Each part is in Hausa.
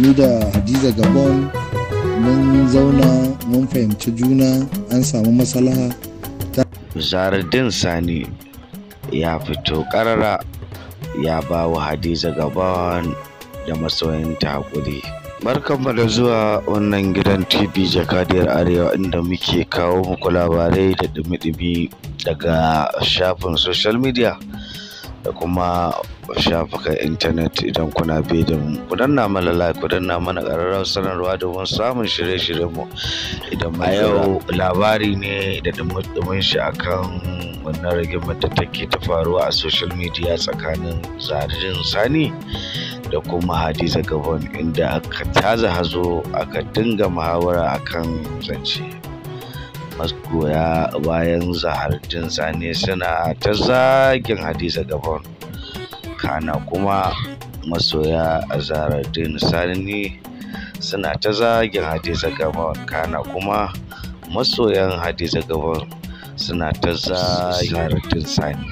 ni da hadiza gabon mun zauna mun fahimci juna an samu maslaha zardin sani ya fito karara ya ba wa hadiza gabon da masoyin takuri barkanmu da zuwa wannan gidan tv jakadiyar arewa inda muke kawo muku labarai da dumi-dumi daga shafin social media da kuma shafukan intanet idan kuna bidin mu ku danna mana like ku danna mana ƙararrawar sanarwa domin samun shirye-shiryenmu idan ma yau labari ne da dumin shi akan wannan rigimar da take ta faruwa a social media tsakanin zarin sani da kuma hadiza gabon inda aka taza hazo aka dinga muhawara akan zance goya bayan zahar sani suna ta zagin hadiza gabon kana kuma masoya a zaradin sani suna ta zagin hadiza gaba kana kuma masoyan hadiza gaban suna ta zagin sani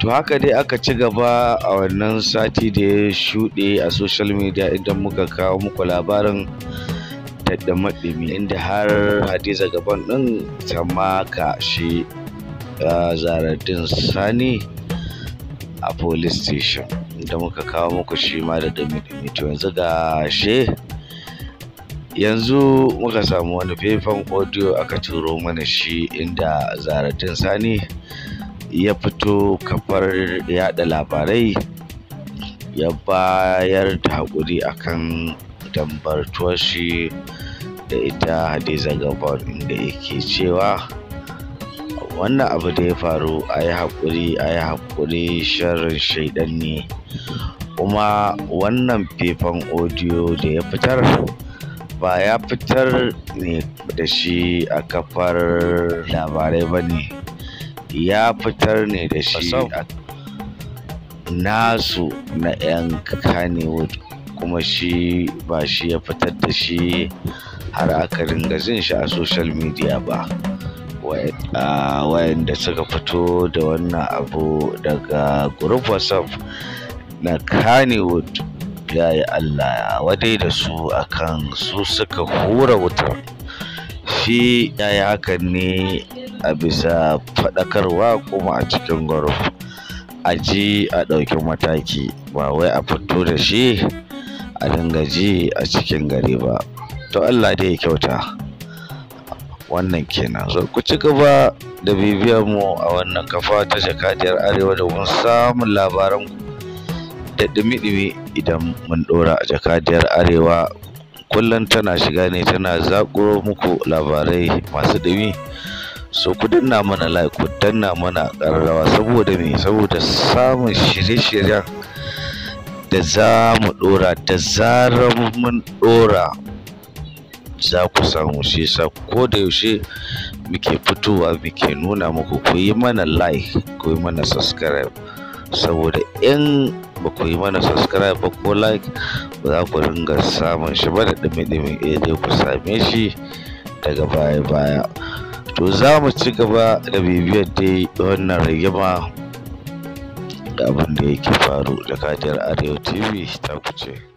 to haka dai aka ci gaba a wannan sati da ya shuɗe a social media idan muka kawo muku labarin da maɗimi inda har hadiza gaban ɗin ta maka shi ah, zaradin sani a police station da muka kawo muku shi ma da dumi-dumi to yanzu ga she yanzu muka samu wani faifan audio aka turo mana shi inda zaratin sani ya fito kafar yada labarai ya bayar da haƙuri akan tambartuwar shi da ita hadiza gabon inda yake cewa wannan abu da ya faru a yi haƙuri a yi haƙuri sharrin shaidan ne kuma wannan fefan odiyo da ya fitar ba ya fitar ne da shi a kafar labarai ba ne ya fitar ne da shi a nasu na 'yan kanewood kuma shi ba shi ya fitar da shi har aka ringa jin shi a social media ba wayanda suka fito da wannan abu daga group whatsapp na kanewood ya yi allah wadai da su akan su suka hura wutar shi ya yi hakan ne a bisa faɗakarwa kuma a cikin group a ji a ɗauki mataki ba wai a fito da shi a dinga ji a cikin gari ba to allah dai ya kyauta wannan kenan so ku ci gaba da bibiyar mu a wannan kafa ta jakadiyar arewa da mun samun labaran da dumi-dumi idan mun dora a jakadiyar arewa kullum tana shiga ne tana zaƙo muku labarai masu dumi so ku danna mana like ku danna mana ƙararrawa saboda me saboda samun shirye-shiryen da za mu dora da zarar mun dora za ku samu shi yasa ko da yaushe muke fitowa muke nuna muku ku yi mana like ku yi mana subscribe saboda in ba ku yi mana subscribe ba ko like ba za ku ringa samun shi ba da ɗumi eh dai ku same shi daga baya-baya to za mu ci gaba da bibiyar dai wannan rigima da abin da yake faru da kadiyar arewa tv ta kuce